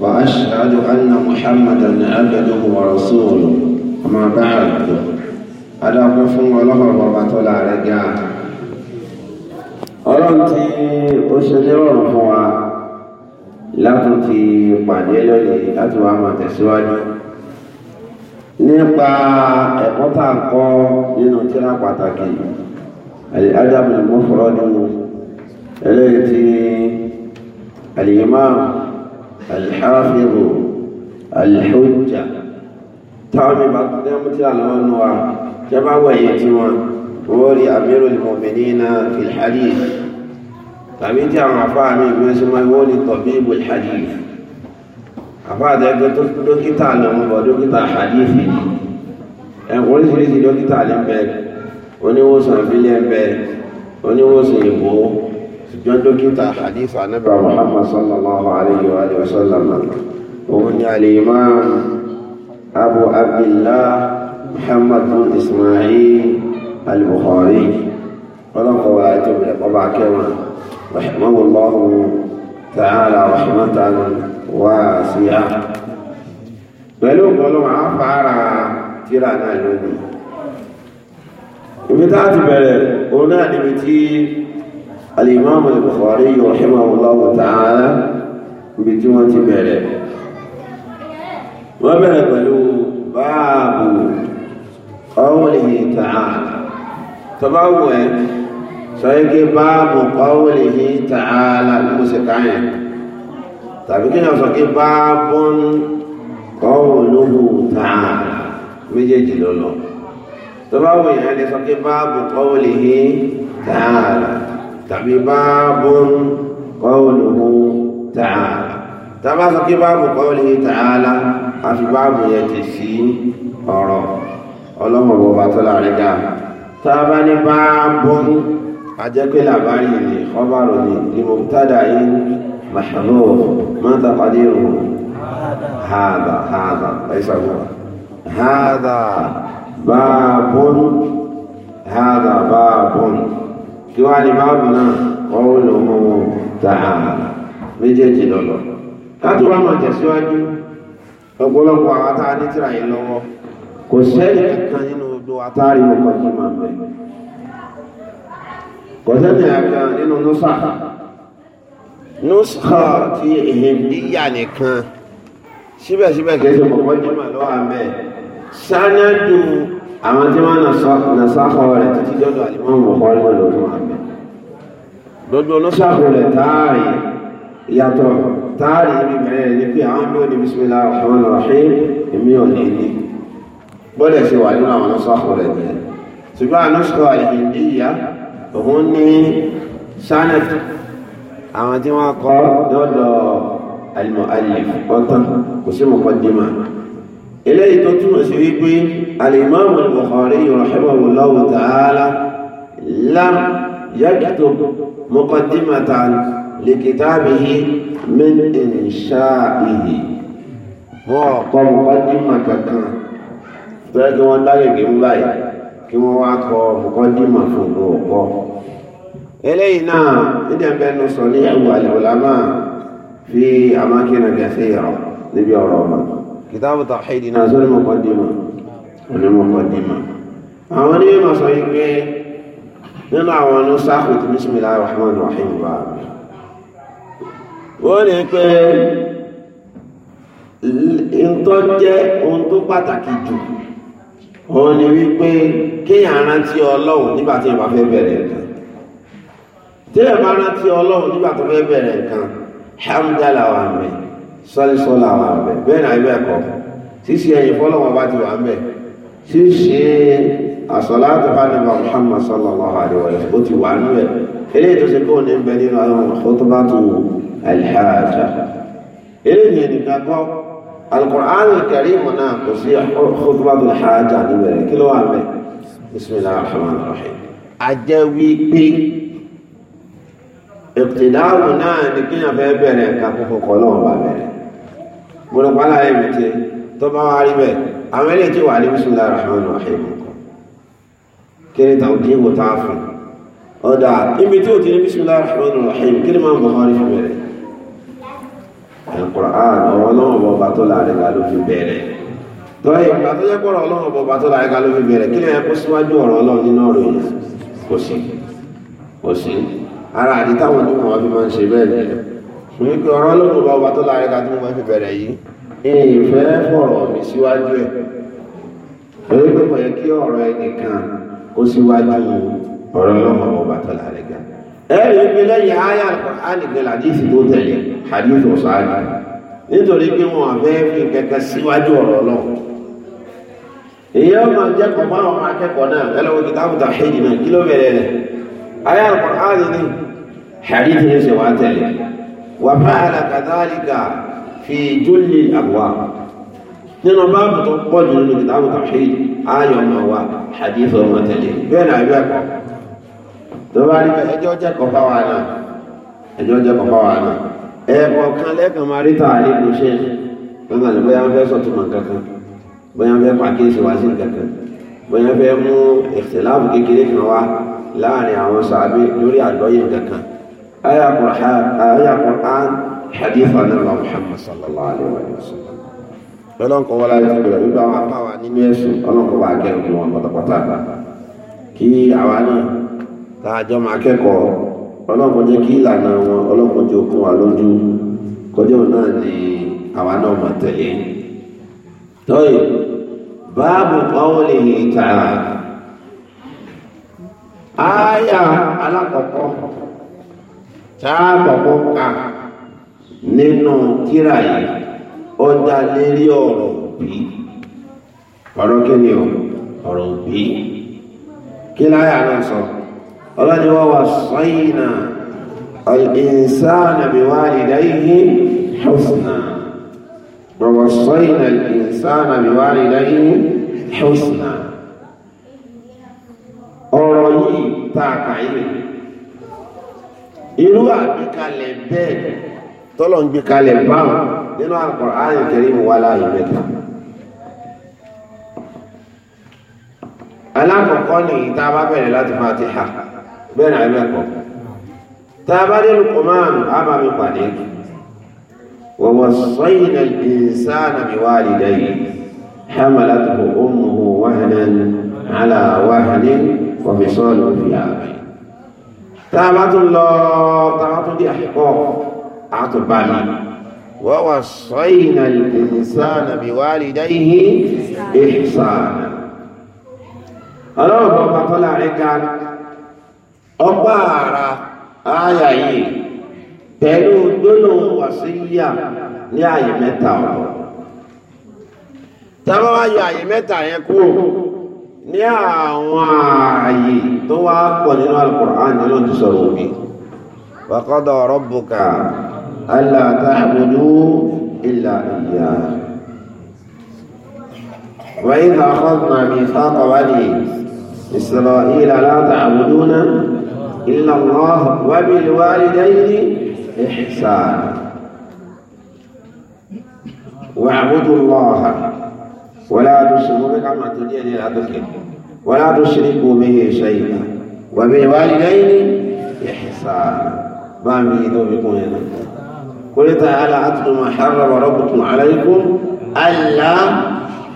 وأشهد أن محمدا عبده ورسوله أما بعد أدعو فهم الله وبركاته لعلك ọlọ́run tí ó ṣe nírọ̀rùn fún wa látún ti pàdé lónìí láti wá máa tẹ̀síwájú nípa ẹ̀kọ́ tá à nínú tíra pàtàkì al-adab nínú eléyìí الحافظ الحجة تامي بعد نعمة الله أنواع جمع ويتوان وري أمير المؤمنين في الحديث tàbí tí àwọn afá mi ìgbẹ́ sí máa wọ́n ní tọ̀bíbù hadith afá àtẹ́gbẹ́ tó dókítà lọ́wọ́ bọ̀ dókítà hadith ni ẹ̀kọ́ oríṣiríṣi dókítà lẹ́bẹ̀ẹ́ oníwòsàn ìbílẹ̀ ẹ̀bẹ̀ẹ́ oníwòsàn ìbò ṣùgbọ́n dókítà hadith anabi muhammad sallallahu alayhi wa sallam òun ni al-imam abu abdullah muhammad bin ismail al-bukhari ọlọ́kọ̀ wa ti bẹ̀rẹ̀ ọba akẹ́wọ̀n rahimahullahu ta'ala rahmatan wasi'a pẹ̀lú ọ̀pọ̀lọpọ̀ àfààrà tíra náà lónìí ibi tá ti bẹ̀rẹ̀ òun níbi tí الإمام البخاري رحمه الله تعالى بجمعة بره وبلغوا باب قوله تعالى تبوى سيك باب قوله تعالى المسكين تبكي نفسك باب قوله تعالى مجيجي لولو تبوى سيك باب قوله تعالى tàbí báàbù qawluhu ta'ala tàbá sọ pé báàbù qawluhu ta'ala àfi báàbù yẹn ti sí ọ̀rọ̀ ọlọ́run bọba tó láàrin gà tàbá ní báàbù ajẹ́pẹ́ làbárí ni khabaru ni ni mubtada'in mahdhuf ma taqdiruhu هذا هذا ليس هو هذا باب هذا باب kí wá ní báàbù náà wọ́n ó lò mú un tààrà méjèèjì lọ́lọ́ láti wá máa tẹ̀síwájú ọ̀pọ̀lọpọ̀ àwọn tá a ní tìrà yìí lọ́wọ́ kò sẹ́ni kankan nínú odò àtàrí ọkọ̀ yìí máa bẹ̀ kò sẹ́ni kankan nínú nusa nusa ti ìhìndíyà nìkan síbẹ̀síbẹ̀ kìí ṣe mọ̀kọ́ jùmọ̀ lọ́wọ́ àmẹ́ sánádùn àwọn tí wọ́n nà sáfọ́ rẹ̀ títí dọ́dọ̀ àlìmọ́ mọ̀kọ́ lọ́wọ́ lọ́wọ́ àmẹ́ lọ́jọ́ ọlọ́sàn. sábẹ̀rẹ̀ táàrí ìyàtọ̀ táàrí ibi bẹ̀rẹ̀ ní pé àwọn bí ó ní bísímìlá ọ̀hún ọ̀hún èmi ò ní ní bọ́lẹ̀ ṣe wà nínú àwọn ọlọ́sàkọ̀ rẹ̀ ní ṣùgbọ́n àlọ́sọ̀ àìhìndí ìyá òun ní sanet àwọn tí wọ́n kọ́ lọ́dọ̀ alimọ̀ alif ọ̀tán kò sí mọ̀kọ́ dìímà eléyìí tó túmọ̀ sí wípé alimọ̀ Bukhari rahimahu Allahu ta'ala lam يكتب مقدمة لكتابه من إنشائه هو مقدمة كان تاكي والله كم لاي كم واكو مقدمة فوقو إلينا إذا بأنه صنيع والعلماء في أماكن كثيرة نبي أوروبا كتاب التوحيد نازل مقدمة ونمقدمة أولي ما صحيح nínú àwọn ọ̀nà sáàkù tí bismillahir rahmanir rahim bá wọ́n ní pé ntọ́ jẹ́ ohun tó pàtàkì jù òun ni wípé kéèyàn rántí ọlọ́run nígbà tí èèyàn bá fẹ́ bẹ̀rẹ̀ nǹkan téèyàn bá rántí ọlọ́run nígbà tó fẹ́ bẹ̀rẹ̀ nǹkan hamdala wà ń sọ́lísọ́lá wà ń bẹ́ẹ̀ náà ibẹ̀ kọ́ ṣíṣe ẹ̀yìn fọ́lọ́wọ́n bá ti wà ń bẹ àsọ̀láàtù fánàbà Muhammad sallallahu alaihi wa sallam ó ti wà nú ẹ̀ eré tó ṣe kóò ní ń bẹ nínú àwọn khutbatu alhaja eré ní ẹnìkan kọ́ al-Qur'an al-Karim náà kò sí khutbatu alhaja níbẹ̀rẹ̀ kí ní kíyàn bẹ̀rẹ̀ nǹkan kókó lọ́wọ́ bá bẹ̀rẹ̀ gbọ́dọ̀ pálá ẹ̀ tó bá wá rí bẹ́ẹ̀ àwọn eléyìí ti wà ní bismillahir rahmanir rahim kéré tàwọn kí wò táà fún ọ̀dà ibi tí ó ti ní bismillah rahman rahim kí ni máa ń Bukhari fi bẹ̀rẹ̀ Al-Qur'an ọ̀rọ̀ ọlọ́run bọba tó láàrin ká ló fi bẹ̀rẹ̀ tọ́yì ìgbà tó jẹ́ pọ̀rọ̀ ọlọ́run bọba tó láàrin ká ló fi bẹ̀rẹ̀ kí ni ẹ kó síwájú ọ̀rọ̀ ọlọ́run nínú ọ̀rọ̀ yìí kò sí kò sí ara àdí táwọn tó kàn wá fi máa ń ṣe bẹ́ẹ̀ ni fún ikú ọ̀rọ̀ ọlọ́run bọba tó láàrin ká tó máa fi bẹ̀rẹ̀ yìí ìfẹ́ fọ̀rọ̀ mi síwájú ẹ̀ torí pé kí ọ̀rọ̀ ẹnìkan ó síwájú ọ̀rọ̀ lọ́wọ́ ọba tó láre gan. ẹ̀rí ibi lẹ́yìn àyà àlìgbẹ̀ làdíìsì tó tẹ̀lé àdíìsì ọ̀sáájú nítorí pé wọn àfẹ́ fi kẹ̀kẹ́ síwájú ọ̀rọ̀ lọ́wọ́. èyí ó máa jẹ́ kọ̀ọ̀mọ́ àwọn akẹ́kọ̀ọ́ náà ẹlẹ́wọ̀n kìtà àbùtà ṣéjì náà kí ló bẹ̀rẹ̀ rẹ̀ àyà àlùkùránì ni àdíìsì ayọ̀ máa wà hadith ọmọ tẹ̀lé bẹ́ẹ̀ náà ẹgbẹ́ ẹ̀kọ́ tó bá rí ẹjọ́ jẹ́ kọfà wà náà ẹjọ́ jẹ́ kọfà wà náà ẹ̀kọ́ kan lẹ́ẹ̀kan máa rí tààrí kò ṣe gbọ́ngàn ní bóyá ń fẹ́ sọ̀túnmọ̀ kankan bóyá ń fẹ́ pàkíyèsí wá sí kankan bóyá ń fẹ́ mú ìṣẹ̀láàbù kékeré kan wá láàrin àwọn sàábé lórí àgbọ́yé kankan ayakùn án hadith anamọ Muhammad sallallahu alayhi wa sallam lọ́lọ́nkọ́ wọ́n láti bẹ̀rẹ̀ wípé àwọn apáwa nínú ẹ̀sùn ọlọ́nkọ́ wà kẹ́rù wọn pátápátá kí àwa náà tààjọ máa kẹ́kọ̀ọ́ ọlọ́nkọ́ jẹ́ kí ìlànà wọn ọlọ́nkọ́ jẹ́ okun wa lójú kọjọ́ náà ni àwa náà mọ̀ tẹ̀lé tọ́yì báàbù pọ́wọ́lì ìtàrà ááyà alákọ̀ọ́kọ́ tá a kọ̀kọ́ kà nínú kíra ó dá lérí ọ̀rọ̀ òbí ọ̀rọ̀ kí ni ọ̀rọ̀ òbí kí láyà náà sọ ọlọ́ni wọ́n wà sọ́yìnà الإنسان بوالديه حسنا ووصينا الإنسان بوالديه حسنا ọ̀rọ̀ yìí tá a irú àgbékalẹ̀ bẹ́ẹ̀ tọ́lọ̀ ń gbé kalẹ̀ báwọn nínú Al-Qur'an Karim wà láàyè mẹ́ta alákọ̀ọ́kọ́ ni tá a bá bẹ̀rẹ̀ láti Fatiha bẹ́ẹ̀rẹ̀ ẹ̀mẹ́kọ̀ tá a bá dé Luqman a bá mi pàdé wa wassayna al-insana biwalidayhi hamalathu ummuhu wahnan ala wahnin wa fisaluhu fi ààbẹ̀ tá a bá tún lọ tá bá tún dé àkọ́kọ́ àtùbámi wa waṣṣayna al-insāna biwālidayhi iḥsānan ọlọ́run bọ́ pàtọ́lá rẹ̀ ga ọgbà ara ayà yìí pẹ̀lú gbónà wàsíyà ní àyè mẹ́ta ọ̀pọ̀ tàbá wá yọ àyè mẹ́ta yẹn kúrò ní àwọn ààyè tó wá pọ̀ nínú Al-Qur'ān nínú ti sọ̀rọ̀ òbí wa qaḍā rabbuka ألا تعبدوا إلا إياه وإذا أخذنا ميثاق بني إسرائيل لا تعبدون إلا الله وبالوالدين إحسانا واعبدوا الله ولا تشركوا كما تدين ولا تشركوا به شيئا وبالوالدين إحسانا ما من ذنوبكم يا قل تعالى عتل ما حرم ربكم عليكم ألا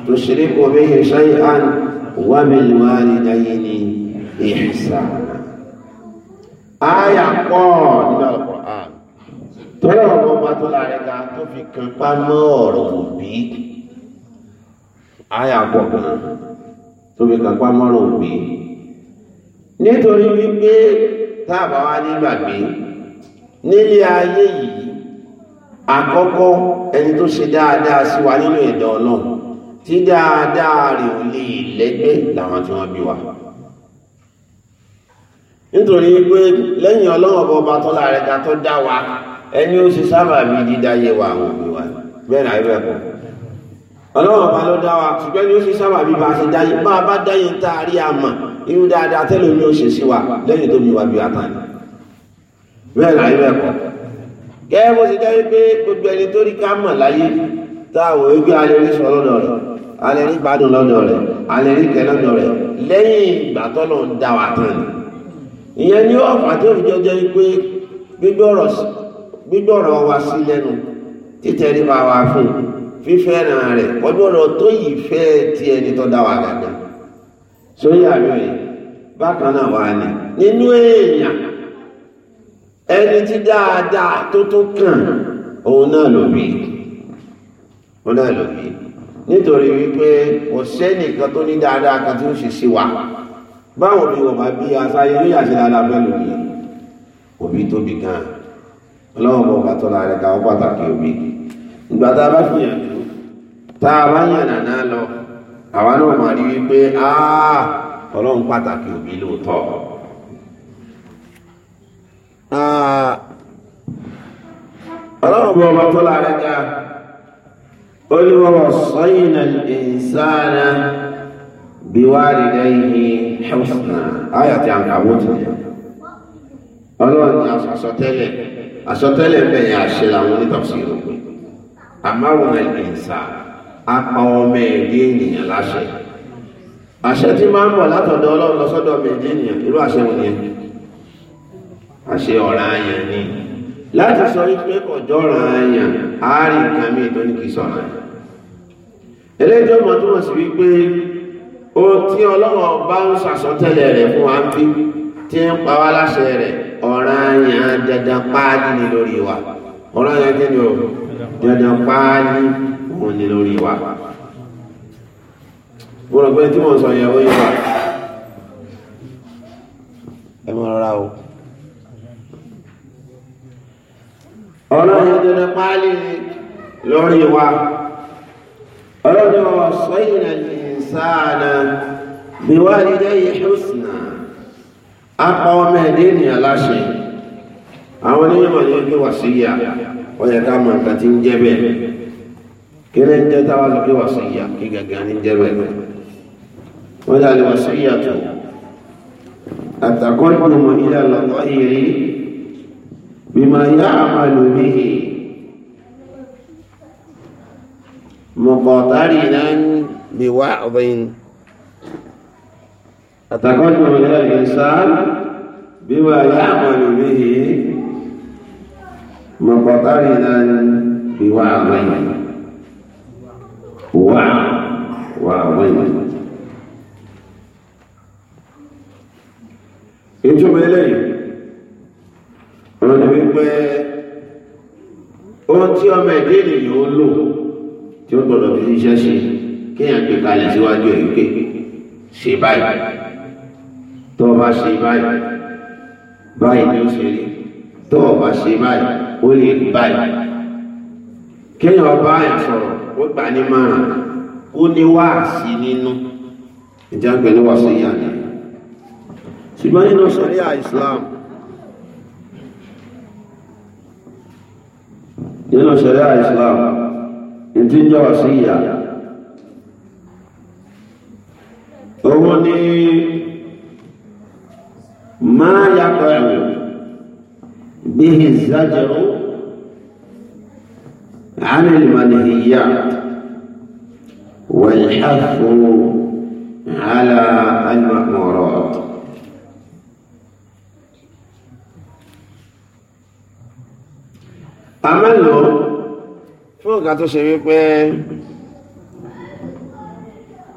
تشركوا به شيئا وبالوالدين إحسانا آية قول من القرآن tọ́lá ọmọ ọba tó lára ga tó fi kan pamọ́ ọ̀rọ̀ òbí ayà pọ̀ gan tó fi kan pamọ́ ọ̀rọ̀ òbí nítorí wípé táàbà wá nígbàgbé nílé ayé yìí àkọ́kọ́ ẹni tó ṣe dáadáa sí wa nínú ẹ̀dá ọlọ́run tí dáadáa rẹ̀ ò lè lẹ́gbẹ́ làwọn tí wọ́n bí wa nítorí pé lẹ́yìn ọlọ́run ọba ọba tọ́lá rẹ̀ ga tó dá wa ẹni ó ṣe sábà bí dídáyé wa àwọn òbí wa bẹ́ẹ̀ náà ibẹ̀ kọ́ ọlọ́run ọba ló dá wa ṣùgbọ́n ni ó ṣe sábà bí bá ṣe dáyé bá a bá dáyé ń tá a rí a mọ̀ irú dáadáa tẹ́lẹ̀ ni ó ṣe sí wa lẹ́yìn tó bí wa bí wa tán bẹ́ẹ̀ náà ibẹ̀ kọ́ gẹ́gẹ́ bó ṣe jẹ́ wípé gbogbo ẹni tó rí ká mọ̀ láyé táwọn wípé alẹ́ rí sọ lọ́dọ̀ rẹ̀ alẹ́ rí gbádùn lọ́dọ̀ rẹ̀ alẹ́ rí rẹ̀ lẹ́yìn ìgbà ń dá wa tán ni ìyẹn ni ó fà tó fi jọjọ wípé gbígbọ́rọ̀ wa sí lẹ́nu títẹrí bá wa fún fífẹ́ràn rẹ̀ gbọ́dọ̀ tó yìí fẹ́ ti ẹni tó dá wa gàgà sóyè àlọ́ yìí bákan náà wà ní nínú èèyàn ẹni tí dáadáa tó tó kàn òun náà ló bí òun náà ló bí nítorí wípé kò sẹ́nìkan tó ní dáadáa kan tó ń ṣe sí wa báwo ni wọ́n máa bí aṣáyé ní àṣẹ dáadáa pẹ̀lú mi òbí tóbi gan ọlọ́wọ́n bọ̀ bàtọ́ la rẹ̀ káwọ́ pàtàkì òbí ìgbà tá a bá fi yàn tó tá a bá yàn nàná lọ àwa náà máa rí wípé ọlọ́run pàtàkì òbí lóòótọ́ Ah. ọlọ́run bọ̀ ọba tó láàrẹ́ ká ó ní wọ́n wọ́n sọ́yìn ìsáàrà bí wá rí lẹ́yìn hẹ́wùsùnà ayà tí a ń kàwó ti dẹ̀ ọlọ́run ní àsọtẹ́lẹ̀ àsọtẹ́lẹ̀ bẹ̀yẹ àṣẹ làwọn onítọ̀sí ìròpin àmáwọn ìsà apá ọmọ ẹ̀dí ènìyàn láṣẹ àṣẹ tí máa ń bọ̀ látọ̀dọ̀ ọlọ́run lọ ọmọ ẹ̀dí ènìyàn irú àṣẹ wọn yẹn àṣẹ ọ̀rọ̀ àyàn ni láti sọ wípé ọjọ́ ọ̀rọ̀ àyàn àárín nǹkan mi tó ní kì í sọ̀rọ̀ àyàn eléjọ́ mọ̀ túmọ̀ sí wípé o tí ọlọ́wọ́ bá ń sàsọtẹ́lẹ̀ rẹ̀ fún wa ń bí tí ń pa wá láṣẹ rẹ̀ ọ̀rọ̀ àyàn dandan páálí ni lórí wa ọ̀rọ̀ àyàn kí ni o dandan páálí òun ni lórí wa mo rò pé tí mo sọ yẹn ó yẹ ẹ mọ rárá o. ọlọ́run tó ní páálí lórí wa ọlọ́run ọ̀sọ́ ìrìnàjò ìsáàdà bí wá nílé ìhùsùnà apá ọmọ ẹ̀dẹ́ ènìyàn láṣẹ àwọn onímọ̀ ní ojú wàsíyà ọyẹ ká mọ̀ nǹkan tí ń jẹ́ bẹ́ẹ̀ kí ní jẹ́ táwa lọ pé wàsíyà kí gàgà ní jẹ́ bẹ́ẹ̀ wọ́n dà lè wàsíyà tó àtàkọ́ ìgbìmọ̀ ilé àlọ́ ìrí بما يعمل به مقترنا بوعظ أتقدم إلى الإنسان بما يعمل به مقترنا بوعظ وعظ وعظ إنتم إليه wọ́n ní wípé ohun tí ọmọ ẹ̀dá ènìyàn ó lò tí ó gbọ́dọ̀ fi ṣiṣẹ́ ṣe kéèyàn gbé kalẹ̀ síwájú ẹ̀ wípé ṣe báyìí tó o bá ṣe báyìí báyìí ni ó ṣe rí tó o bá ṣe báyìí ó lè rí báyìí kéèyàn ọba àyà sọ̀rọ̀ ó gbà ní márùn ó ní wáàsí nínú ìjà pẹ̀lú wàásù ìyá ni ṣùgbọ́n nínú sọ̀rí àìsílámù. nínú ṣẹ̀ríà Islam ìdí ń jọ sí ìyà òun ni máa yàtọ̀ ẹ̀wọ̀n bí ìzájẹ̀rú عن المنهيات والحث على المأمورات a máa lò fún nǹkan tó ṣe wípé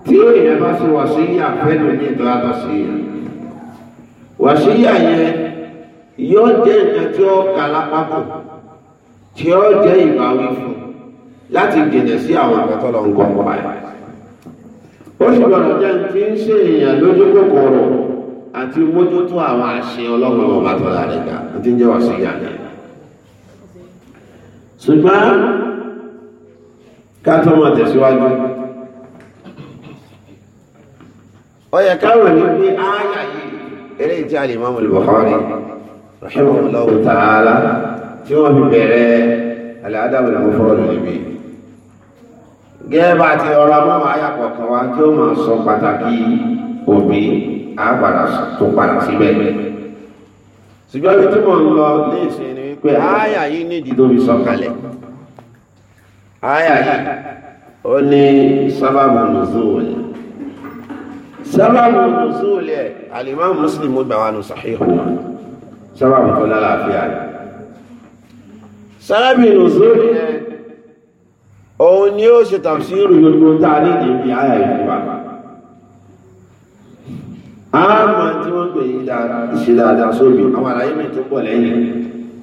tí èèyàn bá ṣe wàṣíyà fẹ́lú ní ètò àtàṣíyà wàṣíyà yẹn yóò jẹ́ nǹkan tí ó kà lápapọ̀ tí ó jẹ́ ìbáwí fún láti jìnà sí àwọn àkọ́tọ́lọ̀ nǹkan ọ̀pá ẹ̀ ó sì gbọ́dọ̀ jẹ́ ti ń ṣe èèyàn lójú kòkòrò àti mójútó àwọn àṣẹ ọlọ́run ọba tó dáadáa ti ń jẹ́ wàṣíyà yẹn ṣùgbọ́n ká tó máa tẹ̀síwájú ó yẹ káwọn ní pé ááyà yìí eré tí a lè máa mọ̀lẹ̀ Bukhari rahimahullahu ta'ala tí wọ́n fi bẹ̀rẹ̀ aláàdáwòlẹ̀ mọ́fọ́ọ̀lù níbi gẹ́ẹ̀bà ti ọ̀rọ̀ mọ́mọ́ ayàpọ̀ kan wá tí ó máa sọ pàtàkì òbí àpàdà tó padà síbẹ̀ ṣùgbọ́n tí mo ń lọ ní ìsinmi pé ááyà yìí nídi tó fi sọ̀kalẹ̀ ááyà yìí ó ní sábàbù nùzúùl sábàbù nùzúùl ẹ̀ àlìmá mùsùlùmí gbà wà ní sàhíhù sábàbù tó lálàáfíà rẹ̀ sábàbù nùzúùl ẹ̀ òun ni ó ṣe tàbísírù gbogbo tá a nídi ibi ááyà ìfúnpa àmà tí wọ́n gbé yìí sóbi àwọn àlàyé mi tó pọ̀ lẹ́yìn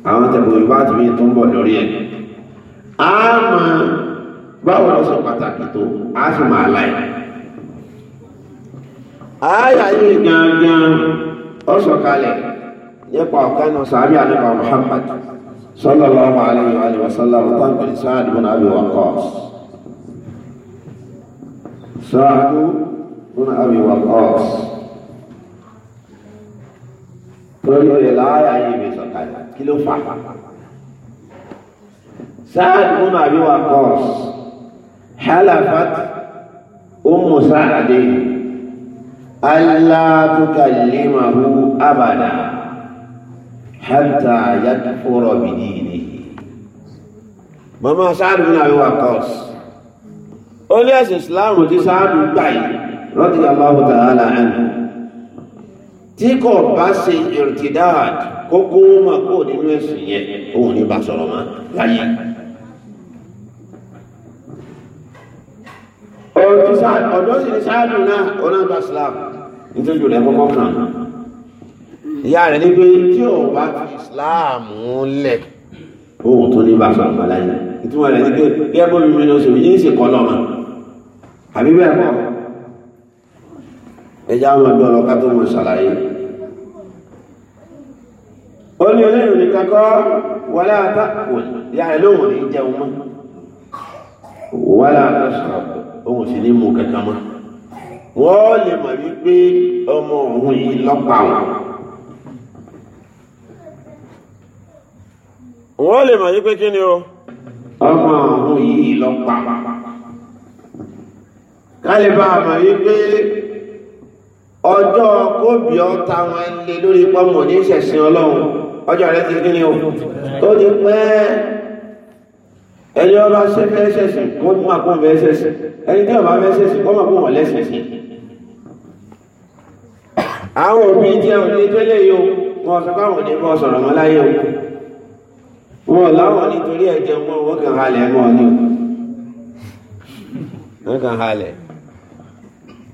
àwọn tẹ̀bọ̀ ìwá àti bí tó ń bọ̀ lórí ẹ̀ a máa báwo lọ sọ pàtàkì tó a sì máa láì ààyà yìí gangan ó sọ kalẹ̀ nípa ọ̀kanu sàbí ànípa Muhammad sallallahu alayhi wa sallam tábìlì sáàdì bin Abi Waqqas sáàdù bin Abi Waqqas torí rẹ̀ láàyà yìí kí ló fà á sáàdì múnú àbíwá kọ́ọ̀s halafat umu sáàdì aláàtúkàlímàhú abàdà hàtà yàtúfọ́rọ̀ bìdìrì mọ́mọ́ sáàdì múnú àbíwá kọ́ọ̀s ó lé ẹ̀sìn ìsìláàmù tí sáàdì gbà yìí rọ́dìyàlláhu tí kò bá ṣe ìrìtìdáàdì kókó mà kó nínú ẹ̀sìn yẹn òun ní bá sọ̀rọ̀ mọ́ láyé. ọ̀dọ́ sì ní sáájú náà ọ̀nàgbà Islam nítorí rẹ̀ kọ́kọ́ kan ìyá rẹ̀ ní pé tí ò bá fi Islam lẹ̀ òun tó ní bá sọ̀rọ̀ mọ́ láyé ìtumọ̀ rẹ̀ ní pé bí ẹgbẹ́ mi mi lọ sọ̀rọ̀ yìí ń ṣe kọ́ lọ́mọ àbí bẹ́ẹ̀ kọ́ ẹja máa bí ọlọ́ka tó mọ̀ ṣàlàyé ó ní olóyìn òní kankọ́ wọlé àtàkù yà lóhùn ní jẹun mọ́ wọlé àtàṣà ohun sì ní mú kankan mọ́ wọ́n lè mọ̀ wípé ọmọ òun yìí lọ́pàá wọn wọ́n lè mọ̀ wípé kí ọjọ́ kóbi ọ̀tá wọn lé lórí pọ́mọ̀ ní ìṣẹ̀sìn ọlọ́run ọjọ́ rẹ̀ ti kí ni o tó ti pẹ́ ẹni ọba ṣe fẹ́ ṣẹ̀ṣẹ̀ kó máa kó fẹ́ ṣẹ̀ṣẹ̀ ẹni tí ọba fẹ́ ṣẹ̀ṣẹ̀ kó máa kó wọ́n lẹ́sẹ̀ sí. àwọn òbí tí a òní tẹ́lẹ̀ yìí o wọn sọ fáwọn òní bọ́ sọ̀rọ̀ mọ́ láyé o wọn láwọn nítorí ẹ̀jẹ̀ wọn wọn kàn halẹ̀ mọ́ ni wọn kàn halẹ̀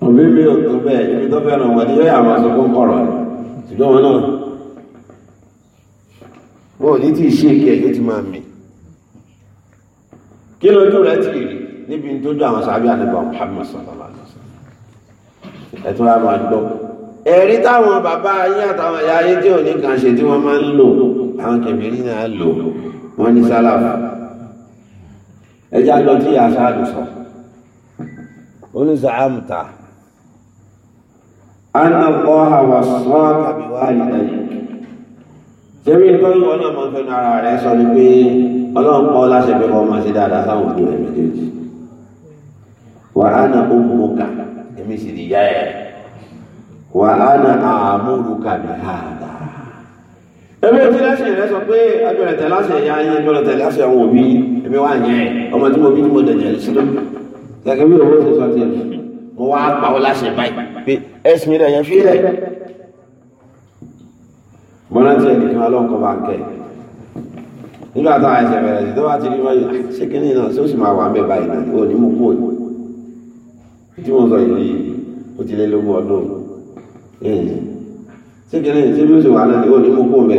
òbí mi ò tó bẹ́ẹ̀ ibi tó fẹ́ràn wọn ni yóò yà wọn wọn ò ní tí ì ṣe ìkẹ́ yóò ti máa mì kí lójú rẹ ti rí níbi tó dún àwọn sábẹ́ àdébà Muhammad sallallahu alaihi wasallam ẹ̀tún wa máa gbọ́ ẹ̀rí táwọn bàbá ayé àtàwọn ẹ̀yà ayé tí ò ní kan ṣe tí wọ́n máa ń lò àwọn kẹ̀mírí náà lò wọ́n ní sálàfù ẹjá lọ tí àṣà àdùsọ oníṣàámùta anàkọ́ àwàsán àbíwá ìdáyìí torí pé ìwọ náà mọ fẹnu ara rẹ sọ ni pé ọlọ́run pọ́ láṣẹ pé kọ́ máa ṣe dáadáa sáwọn òbí rẹ méjèèjì wà á na ummuka èmi sì ní ìyá ẹ wà á na amuruka bi hada ẹbí òfin láṣẹ rẹ sọ pé agbẹ̀rẹ̀ tẹ̀ láṣẹ ìyá yín agbẹ̀rẹ̀ tẹ̀ láṣẹ àwọn òbí ẹbí wà yẹn ọmọ tí mo bí tí mo dẹ̀jẹ̀ sí lọ gẹ́gẹ́ bí òwò ṣe sọ tiẹ̀ mo wá pa ọ láṣẹ báyìí pé ẹ̀sìn rẹ̀ yẹn fi rẹ̀ mo rántí ẹnìkan ọlọ́nkọ bá ń kẹ́ nígbà táwọn ẹsẹ̀ bẹ̀rẹ̀ sí tó bá ti rí wáyé ah, ṣé kíní náà ṣé ó sì máa wà ń bẹ̀ báyìí náà ò ní mú kú òní tí mo sọ yìí ó ti lé lógún ọdún ṣé kíní ṣé bí ó sì wà náà ni ò ní mú kú òní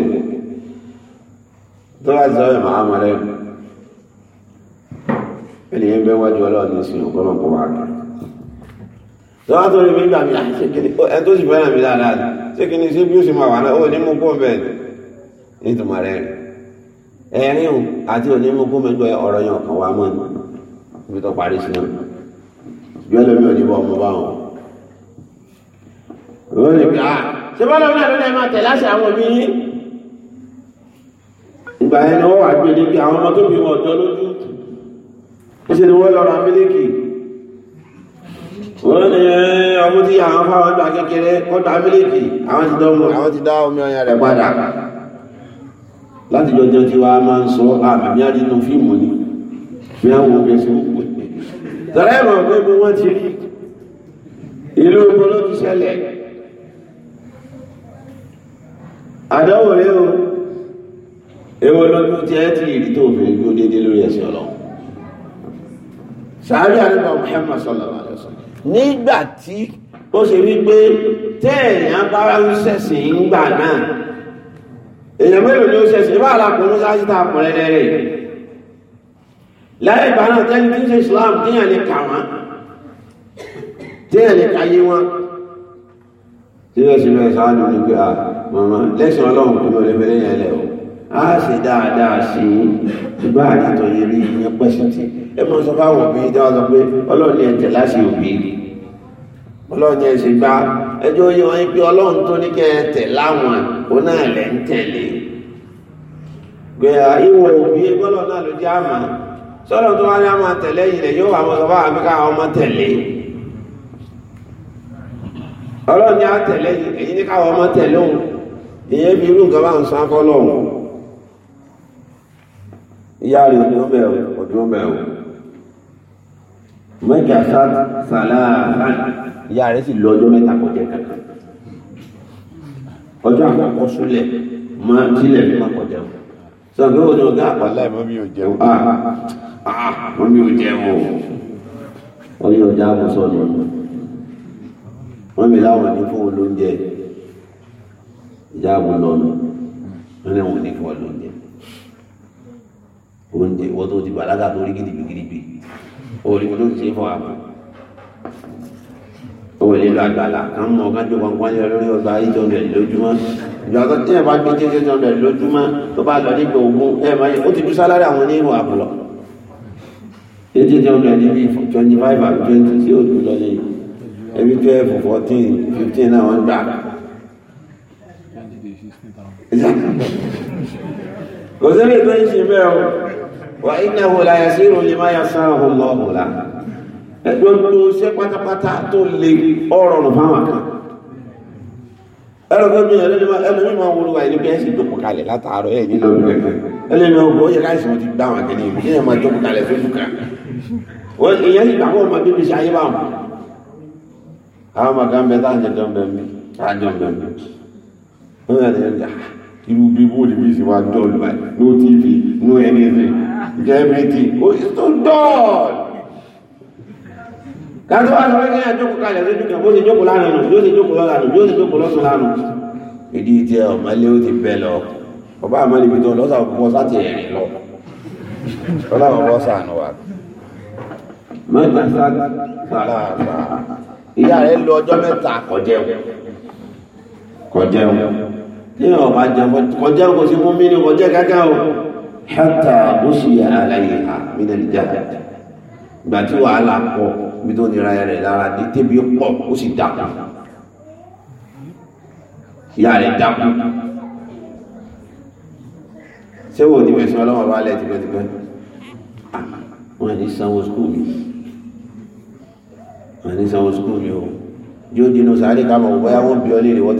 tó bá ti sọ ẹ̀ máa mọ̀ rẹ̀ ènìyàn bẹ́ tó rí mi gbà ah, ẹ̀ tó sì fẹ́ràn mi dáadáa ṣé kí ni ṣé bí ó ṣe máa wà náà ó ní mú kó bẹ́ẹ̀ ní ìtumọ̀ rẹ̀ ẹ̀rín àti òní mú kó mẹ́jọ ọ̀rọ̀ yẹn ọ̀kan wá mọ́ ibi tó parí sí náà bí ẹlòmí ò ní bọ́ ọmọ bá wọn. ó ní pé ah ṣé bá lọ́wọ́ náà ló náà máa tẹ̀ láṣẹ àwọn òbí yín. ìgbà yẹn ni wọ́n wà gbé ní pé àwọn ọmọ tó bí wọn wọ́n ní ọmọ tí àwọn fáwọn gbà kékeré kọ́ mílíkì àwọn ti dá omi àwọn ti dá omi rẹ̀ padà láti jọjọ tí wàá máa ń sọ àmì ní àdínú fíìmù ni fi tọ́lá pé bí wọ́n ti rí ìlú ti ṣẹlẹ̀ o èwo lọ́dún tí ẹ ti rí tó lórí ẹ̀sìn ọlọ́run sàárẹ̀ àdébà Muhammad nígbà tí ó ṣe wípé tẹ́ẹ̀yàn bá ń ṣẹ̀sìn ńgbà náà èèyàn mélòó ni ó ṣẹ̀sìn bá alákùnrin sáájú tá a pọ̀ lẹ́lẹ́rẹ́ lẹ́yìn ìgbà náà tẹ́lẹ̀ tí ń ṣe Islam téèyàn lè kà wọ́n téèyàn lè kàyé wọn síbẹ̀síbẹ̀ sáájú ni pé à mọ̀mọ́ lẹ́sìn ọlọ́run kò ní olè mẹ́lẹ́yìn ẹlẹ́ o a ṣe dáadáa ṣe ṣùgbọ́n àdìtò yìí rí ìyẹn pẹ́ṣẹ́tì ẹ mọ̀ sọ fáwọn òbí dáwọ́ sọ pé ọlọ́ọ̀ni ẹ̀jẹ̀ láṣẹ òbí ọlọ́ọ̀ni ẹ̀ṣẹ̀ gbá ẹjọ́ pé ọlọ́run tó ní kẹ́ ẹ tẹ̀ láwọn òun náà lẹ̀ ń tẹ̀lé òbí gbọ́dọ̀ náà ló jẹ́ àmà sọ́dọ̀ tó àmà tẹ̀lé yìí rẹ̀ yóò wà sọ fáwọn àbíká ọmọ tẹ̀lé ọlọ́ọ̀ni ìyá rẹ̀ òdúró bẹ́ẹ̀ o òdúró bẹ́ẹ̀ o mẹ́jà sàlàáhàn ìyá rẹ̀ sì lọ ọjọ́ mẹ́ta kọjá kankan ọjọ́ àkọ́kọ́ súnlẹ̀ máa sílẹ̀ fi máa kọjá o sọ̀rọ̀ òní ọ̀gá àpàlà ẹ̀ mọ́mí ò jẹun ah, ah, mọ́mí ò jẹun o wọ́n ní ọjà àbùsọ̀ ni wọ́n mi láwọn ní fún olóúnjẹ ìjà àbùlọ̀ ni wọ́n ní àwọn ní fún olóúnjẹ oúnjẹ ìwọ tó ti bàlágà tó rí gidigidigidi orí tó ń ṣe fún àbọ̀ o lè lo àgbàlá kan mọ ọgá jọ kankan lé lórí ọgbà eight hundred lójúmọ́ ìjọba tí ẹ bá gbé tí eight hundred lójúmọ́ tó bá lọ nígbà ogun ẹ máa yẹ ó ti dú sálárì àwọn onírò àbùlọ eight hundred níbi twenty five and twenty tí ó dùn lọ ní ẹbí twelve fourteen fifteen náà wọ́n gbà. kò sí lè tó ń ṣe bẹ́ẹ̀ o wà iná wo la yẹ sí ìròyìn máa yà sáà hù lọ hù la gbogbo iṣẹ́ pátápátá tó le ọ̀rọ̀ rùn fáwọn kan ẹ̀rọ gbogbo yẹn lórí ẹlòmí máa wọlé wa ẹni bí ẹ sì jókòó kalẹ̀ látàárọ̀ ẹ̀ nílò rẹ̀ ẹlòmí ọgbọ ó yẹ ká ìsìn ti gbá wọn kẹ́ni ìbí yẹn máa jókòó kalẹ̀ fífú kan ìyẹn sì gbàgbọ́ ọmọ bíbí ṣe ayé báwọn. àwọn màkà ń bẹ táwọn jẹjọ ń bẹ mi táwọn jọ ń bẹ mi irú bí bóòlù bí sì wá dọ́ọ̀lù báyìí no tv no anything jẹ́ everything ó oh, sì tó dọ́ọ̀lù. kátó wá sọ pé jókòó kalẹ̀ lójú kan bó ṣe jókòó lánàá nù yóò ṣe jókòó lọ́la nù yóò ṣe jókòó lọ́sùn lánàá. ìdí tí ẹ ọmọ ilé ó ti bẹ lọ ọba àmọ́ níbi tó lọ́sà òkú bọ́sà ti rìn lọ ọlọ́run bọ́sà nù wà. mẹ́ta sáà ìyá rẹ̀ lọ ọjọ́ mẹ́ta kọjẹun kọjẹun téèyàn ọba jẹun kọjá kò sí mú mímu kọjá káká o hátà bó ṣe àlàyé ha mílẹ̀ níjà ìgbà tí wàhálà pọ̀ ibi tó nira rẹ̀ lára dé tébi pọ̀ ó sì dàpọ̀ ìyá rẹ̀ dàpọ̀ ṣé wo ni mẹsàn-án ọlọ́wọ́ bá lẹ̀ tipẹ́tipẹ́ wọn ní sanwó skul mi wọn ní sanwó skul mi o yóò dínú sáré ká bóyá wọ́n bí ọ lè rí what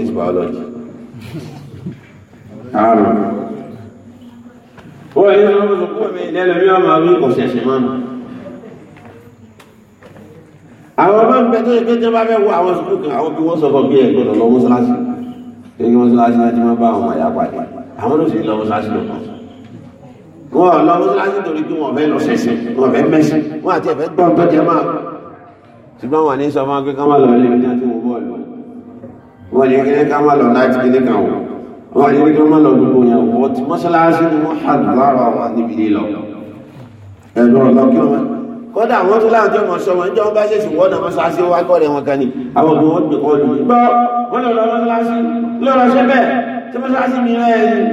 àárọ̀ ó ẹ̀yìn ọmọ òṣùpọ̀ mi lẹ́lẹ̀ bí wọ́n máa wí kò ṣẹ̀ṣẹ̀ mọ́ nù àwọn ọmọ ìgbẹ́ tó ìgbẹ́ tó bá fẹ́ wọ àwọn sùkúù kan àwọn bí wọ́n sọ fọ́ bí ẹ̀ gbọ́dọ̀ lọ mọ́sálásí kí wọ́n mọ́sálásí láti máa bá àwọn àyà pàdé àwọn ló sì lọ mọ́sálásí lọ kan wọn lọ mọ́sálásí torí pé wọ́n fẹ́ lọ ṣẹ̀ṣẹ̀ wọ́n fẹ́ mẹ́ṣẹ̀ wọ́n àti ẹ̀fẹ́ gbọ́n tó jẹ máa ṣùgbọ́n wọn ní sọ fún akẹ́kọ̀ọ́ máa lọ ilé ìdájọ́ wọn bọ́ọ̀lù wọn ní ká máa lọ láti kíní kan wọn wọ́n ní wípé wọ́n lọ gbogbo yẹn wọ́n ti mọ́ṣáláṣí ni wọ́n hà lára wọn níbi yìí lọ ẹ̀rọ ọlọ́kí wọn. kódà àwọn tó láwọn tó mọ̀ sọ wọn jọba ṣe sì wọ́n náà mọ́ṣáláṣí wá kọ́ rẹ̀ wọn kan ni àwọn òbí wọn gbé kọ́ọ̀lù yìí. gbọ́ wọ́n lọ lọ mọ́ṣáláṣí lọ́rọ̀ ṣe bẹ́ẹ̀ tí mọ́ṣáláṣí mi rẹ̀ ẹ̀yìn.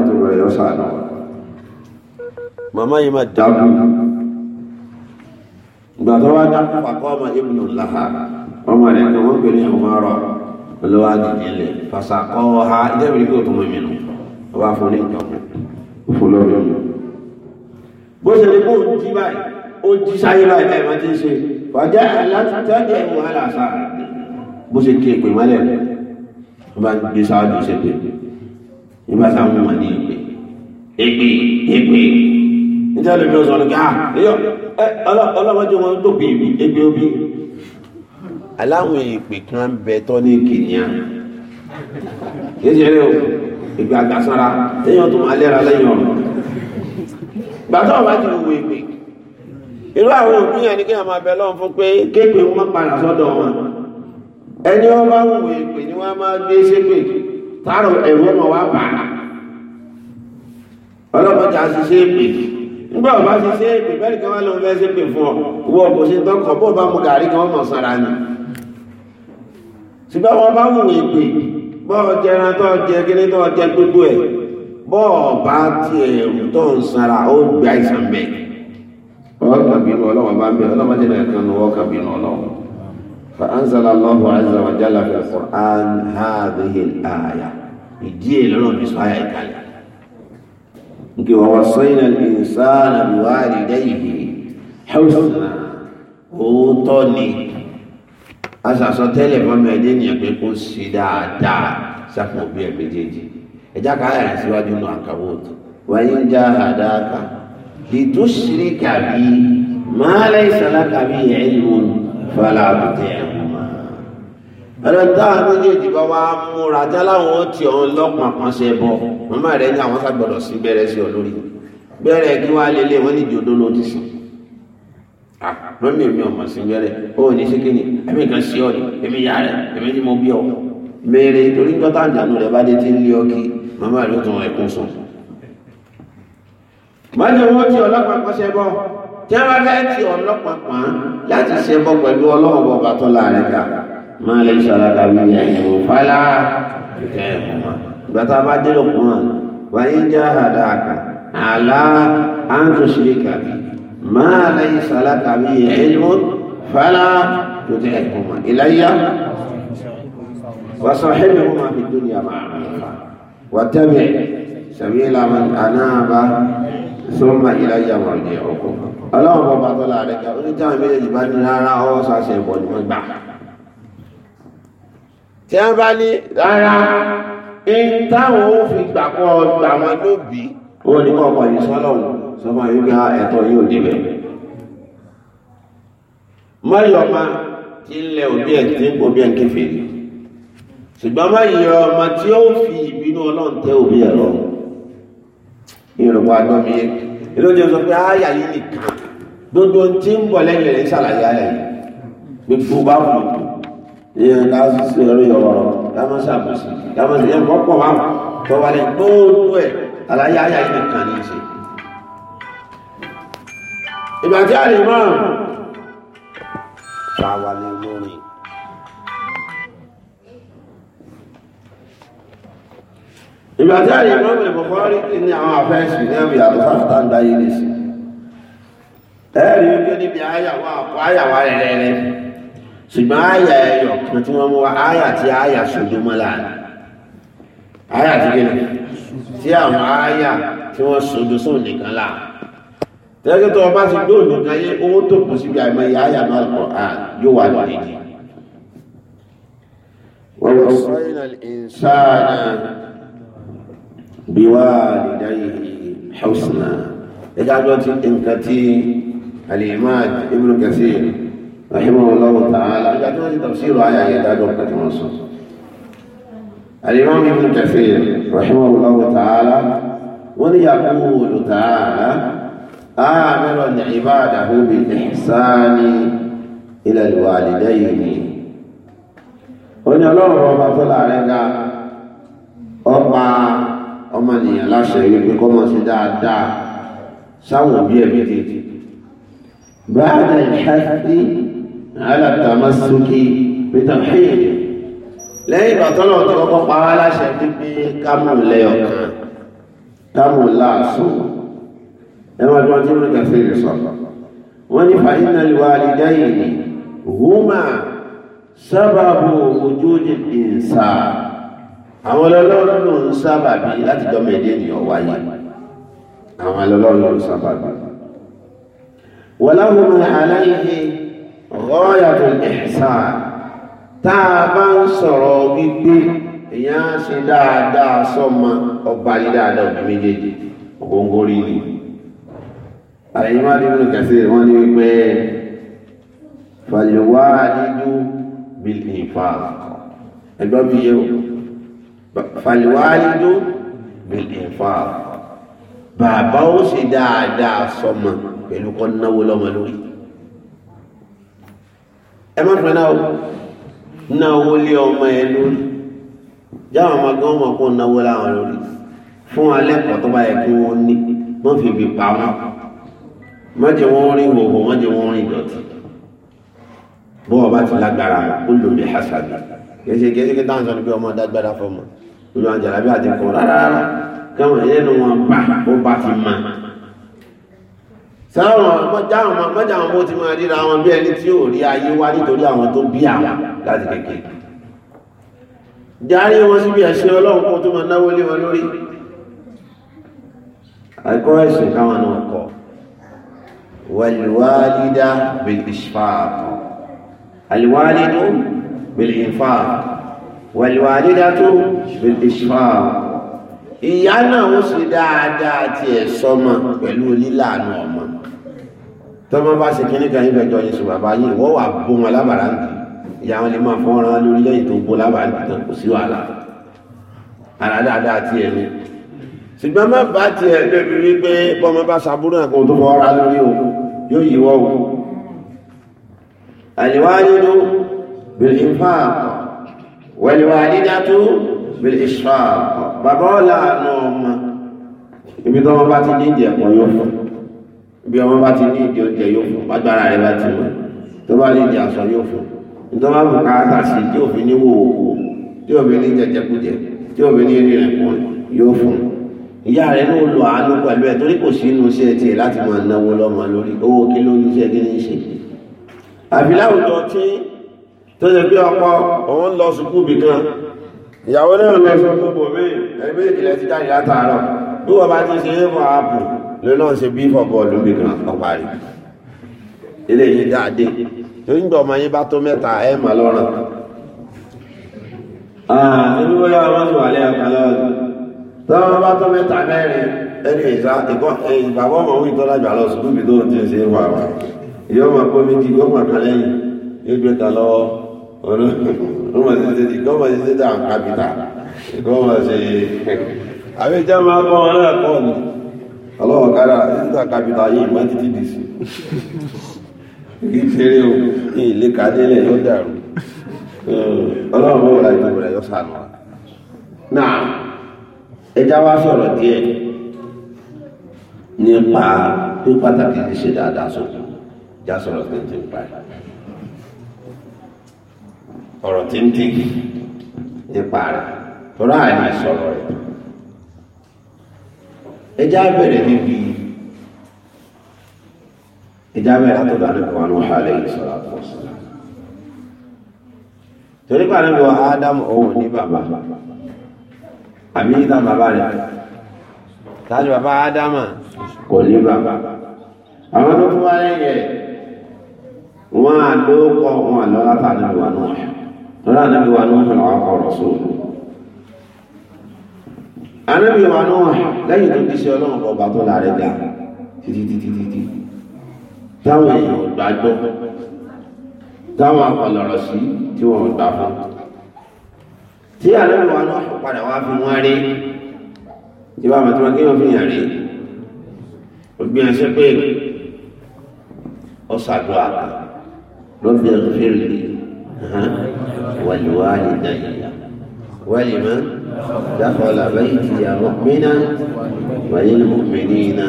mójútó màmá yìí máa dákú ìgbà tó wá dákú pàkọ́ ọmọ ibùdó làhà ọmọ rẹ̀ kan wọ́n pè ní ọmọọrọ̀ olówó àjèjì ilẹ̀ fàṣàkọ́ ha ìdẹ́bìrì kí o tó mọ̀ mí nù ọba fún ní ìjọba fún lórí ọmọ bó ṣe ní kó o jí báyìí ó jí sáyé báyìí báyìí máa ti ń ṣe wàjá alátúntàdé wàhálà sáà bó ṣe kí èpè mọ́lẹ̀ wọ́n bá gbé sáájú ṣe pé ìbáṣà wọn ní èpè èpè èpè níta lè lọ sọ̀rọ̀ gáà yọ ẹ ọlọ́mọdé wọn tó bí ibi ebi obi aláwọn ìpè kan ń bẹ tọ́ ní kìnìún yéèjì rẹ o ìgbà àgbàsára lẹ́yìn ọdún alẹ́ra lẹ́yìn ọ̀rọ̀ gbàtọ́ ọba ti wo ìpè irú àwọn òbí yẹn ni kí wọn máa bẹ lọ́wọ́ fún pé kéèpé wọn padà sọ́dọ̀ wọn ẹni wọn bá wù ìpè ni wọn máa gbé ṣépè tààrọ ẹ̀rọ ọmọ wa bàa a àṣìṣe ìpè nígbà ọba ti ṣe èpè bẹ́ẹ̀ kan wá ló ń fẹ́ ṣe pè fún ọ wọ kò ṣe tọkọ bó bá mu gàrí kan mọ̀ sanra ni ṣùgbọ́n wọn bá wù èpè bọ́ọ̀ jẹran tó jẹ kíní tó jẹ gbogbo ẹ̀ bọ́ọ̀ bá tiẹ̀ tó ń sanra ó gbé àìsàn bẹ́ẹ̀ ọkàbínú ọlọ́wọ́ bá ń bẹ ọlọ́wọ́ jẹ́ ẹ̀kan ní ọkàbínú ọlọ́wọ́ fa'anzala Allahu azza wa jalla fil Qur'an hadhihi al-aya ìdí èlọ́rọ̀ mi sọ ayà ìkàlẹ̀ nke wa wasaina al-insana bi walidayhi husna òótọ́ ni aṣàṣọ tẹ́lẹ̀ mọ́mí ẹ̀dẹ́ ni ẹ̀pẹ́ kó ṣe dáadáa sáfún òbí ẹ̀ méjèèjì ẹ̀já ká yàrá síwájú náà àkàwọ́ òtún wáyé bi ilmun fala tuti'hu ẹlẹ́ntàwọn méjèèjì bá wá múra jáláwọn tí ọ̀hún lọ́pàpàá ṣe bọ̀ mọ́mọ́ rẹ̀ ní àwọn sàgbọ̀dọ̀ sí bẹ̀rẹ̀ sí olórí bẹ̀rẹ̀ kí wá lélẹ̀ wọ́n ní ìjọdó ló ti sùn mọ́mí mi ọmọ sí bẹ̀rẹ̀ ó ní ṣé kí ni ẹ̀mí kan sí ọ̀nì ẹ̀mí ya rẹ̀ ẹ̀mí ni mo bí ọ mèrè torí gbọ́tà ìjànú rẹ̀ bá dé ti ń lé ọ kí mọ́mọ́ rẹ̀ ó tún ẹ̀kún sùn. májò wọ́n máa lè sọ̀rọ̀ kàwé yẹn ìwò fálá ìkẹ́ ìmọ̀mọ́. ìgbà tá a bá dé lókun náà wáyé ń jẹ́ àdáàkà àlá àǹtòṣìríkà máa lè sọ̀rọ̀ kàwé yẹn ìwò fálá ìkẹ́ ìmọ̀mọ́. ìlàyà وصاحبهما في الدنيا معروفا واتبع سبيل من اناب ثم الي مرجعكم ọlọ́run bọ́ba tó láàrin ká oníjà méjèèjì bá ní rárá ọwọ́ tí wọ́n bá ní rárá ń táwọn ó fi gbàgbọ́ ọgbà wọn lóbi ó ní kọ̀ọ̀kan yìí sọ́lọ́hùn sọ́mọ yóò gba ah, ẹ̀tọ́ yóò débẹ̀. mọ́yọ̀mọ́ tí ń lẹ òbí ẹ̀ tí ń kó bí ẹ̀ ń kéfèé ṣùgbọ́n má yọ ọmọ tí ó fi ìbínú ọlọ́run tẹ òbí ẹ̀ lọ ìrùwà lọ́mí ìlójú sọ pé ááyà yìí nìkan gbogbo tí ń bọ̀ lẹ́yìn rẹ̀ ń ṣàlàyé alẹ́ gbogbo bá wù ú ìyẹn ká sí ẹrú ìyọ̀rọ̀ kámọ́ sàbòsí kámọ́ sí ẹ̀kọ́ pọ̀ wá tó wà lẹ́ gbóòdú ẹ̀ àlàyé ayé ayé nìkan ní ṣe. ìgbà tí a lè mọ̀ ṣàwà lè lórí. ìgbà tí a lè mọ̀ ìbẹ̀rẹ̀ kọ̀kọ́ rí ní àwọn afẹ́sì ní ẹ̀mí àti sáfàtà ń dáyé lè ṣe. ẹ̀rí wípé níbi àyàwó àpò àyàwó rẹ̀ rẹ̀ ṣùgbọ́n àyà ẹ̀yọ̀ kan tí wọ́n mú wa àyà tí àyà ṣojú mọ́ láàrin àyà tí gẹ́nà tí àwọn àyà tí wọ́n ṣojú sóun nìkan láàrin tẹ́lẹ̀ tó ọba ti gbé òun kan yé owó tó kù síbi àìmọ̀ ìyá àyà náà kọ̀ á yóò wà lórí ìdí. wọ́n lọ sọ bí wà nídá yìí hausna ẹ̀dájọ́ ti nǹkan tí alimad ibn Kathir رحمه الله تعالى قد تفسير آية يداد وقت مصر الإمام ابن كثير رحمه الله تعالى وليقول تعالى آمر عباده بالإحسان إلى الوالدين وني الله ربا طلع لك أربعة أمني لا شيء بكم سداد دا سووا بيه بيتي بعد الحث alàtàmásókè pétàmíhìn lẹ́yìn ìbàtọ́lọ̀ tó kọ́kọ́ pa wá láṣẹ pípé kámù lẹ́yọ̀kan kámù láàṣọ ẹwọ́n tí wọ́n ti rìn kẹfẹ́ rẹ̀ sọ̀rọ̀ wọ́n ní fàyínà lè wà àdìdá yìí húmà sábàbù ojúde ìǹsà àwọn ọlọ́run ló ń sábàbí láti dọ́mẹ̀dé ènìyàn wáyé àwọn ọlọ́run ló ń sábàbí wọ́n láwọn aláìhẹ́ ọ̀gọ́yàtò ẹ̀sà tá a bá ń sọ̀rọ̀ wípé èèyàn á ṣe dáadáa sọ́mọ ọba yìí dáadáa òbí méjèèjì ògóńgórí ni àyìn wá nínú kẹsì wọn ni wípé fàlùwá nínú bíi ìfà ẹgbọ́n mi yẹ o fàlùwá nínú bíi ìfà bàbá ó ṣe dáadáa sọ́mọ pẹ̀lú kọ́ náwó lọ́mọ lórí ẹ má fẹ́ náà náà owó lé ọmọ ẹ lórí jáwọn ọmọ gan ọmọ kó náwó láwọn lórí fún alẹ́kọ̀ọ́ tó bá yẹ kí wọ́n ní wọ́n fi fi pa wọn má jẹ́ wọ́n rí wòwò má jẹ́ wọ́n rí ìdọ̀tí bó ọba ti lágbára ó lò lè hasabi kẹsẹ kẹsẹ kí táwọn sọ̀rọ̀ bí ọmọ dágbára fọmọ olùwàjàlábí àti kọ rárá kẹwọn ẹyẹ ni wọn bá ó bá fi máa sáwọn mọ́já àwọn mọ́já àwọn mọ́ ti máa ríra wọn bí ẹni tí ò rí ayé wá nítorí àwọn tó bí àwọn láti kékeré járí wọn síbi ẹ̀ṣẹ́ ọlọ́run kó tó máa náwó lé wọn lórí àìkọ́ ẹ̀ṣẹ̀ káwọn náà kọ̀ wàlúwálídá ìyá náà ó sì dáadáa ti ẹ̀ pẹ̀lú lílànà ọmọ tọ́mọ bá ṣe kíní kan yífẹ́ jọ yéṣu bàbá yìí wọ́n wà bó wọn lábàrá ń bì ìyá wọn lè máa fọ́n ran lórí lẹ́yìn tó bó lábàrá ń bì tán kò sí wàhálà ara dáadáa tiẹ̀ ni ṣùgbọ́n má bá tiẹ̀ lórí wípé bọ́mọ bá ṣàbúrò nǹkan tó fọ́ ra lórí o yóò yí wọ́ o àlewáyédó bèrè fáàkọ̀ wẹ̀lẹ̀wáyédátó bèrè ṣáàkọ̀ bàbá ọ̀la àna ọmọ ibi tọ́mọ bá ti dídì ẹ̀kọ́ yóò fún bí ọmọ bá ti ní ìdí oúnjẹ yóò fún agbára rẹ bá ti mọ tó bá ní ìdí aṣọ yóò fún nítorí wọn kà á tàṣí tí òfin ní wò wò tí òfin ní jẹjẹkújẹ tí òfin ní eré rẹ pọn yóò fún ìyá rẹ ló lo àánú pẹ̀lú ẹ torí kò sí inú iṣẹ́ tiẹ̀ láti máa náwó lọ́mọ lórí owó kí ló ní iṣẹ́ kí ní ṣe àbí láwùjọ tí tó ṣe bí ọkọ òun lọ sùkúù bì kan ìyàwó náà lọ sùkúù bò mí ẹgbẹ́ ìkìlẹ̀ ti jáde látàárọ̀ bí wọ́n bá ti ṣe é mọ́ ààbò lọ́nà ṣe bí fọ́bọ̀ lórí kan ọparí ilé yìí dáadé tó ń gbọ́ ọmọ yín bá tó mẹ́ta ẹ̀ mà lọ́rùn. inú bóyá wọn ti wà lé ọkàn lọ́dún táwọn bá tó mẹ́ta mẹ́rin ẹni ìta ìgbàgbọ́ ọmọ wí tọ́lá gbà lọ sùkúù bí tó ń ti ṣe é wà wà ìyá ọmọ kọ́ méjì yóò mọ̀ kan lẹ́yìn yóò gbé ta lọ́wọ́ ọmọ ṣe ṣe ìkọ́ ọmọ ṣe ṣe dà kápítà ìkọ́ ṣe àbíjá máa kọ́ ọ náà kọ́ ọ̀nà ọlọ́wọ́ kára nígbà kápítà yìí mọ́ títí dì sí kí tèrè o ilé kàdélẹ̀ yóò dàrú ọlọ́wọ́ bọ́ wọ́n láti bẹ̀rẹ̀ yóò sànù wa náà ẹja wá sọ̀rọ̀ díẹ̀ nípa tó pàtàkì ti ṣe dáadáa sókè já sọ̀rọ̀ tí ń ti ń pa ọ̀rọ̀ tí ń tẹ̀kì nípa rẹ̀ tọ́ra àìmọ̀ ìsọ̀rọ̀ rẹ̀ ẹjá bẹ̀rẹ̀ níbi ẹjá bẹ̀rẹ̀ látọ̀dọ̀ àdúgbò àwọn ọ̀hálẹ̀ ìṣọ́lá pọ̀sọ̀lá torí pàdé lọ ádámù ọ̀hún ní bàbá àbí ìta bàbá rẹ̀ tàbí bàbá ádámà kò ní bàbá àwọn tó fún wa lẹ́yẹ wọn àlọ́ kọ́ wọn àlọ́ látàdúgbò àwọn ọ̀hún lọ́la àdúgbò àwọn ọ̀rọ̀ sóòrò anábì wa náà lẹ́yìn tó díṣẹ́ ọlọ́run ọba tó láàrẹ dá títí títí títí táwọn èèyàn gbàgbọ́ táwọn akọlọ̀rọ̀ sí tí wọ́n gbà fún tí anábì wa náà padà wá fi wọ́n rí tí wọ́n àmọ́ tí wọ́n kéwọ́n fi yàn rí ògbìn ẹsẹ̀ pé ọ̀sàdùà lọ́bí ẹ̀rọ fèrè wàlúwàlì dàyà wàlúwàlì mọ́. دخل بيتي مؤمنا وللمؤمنين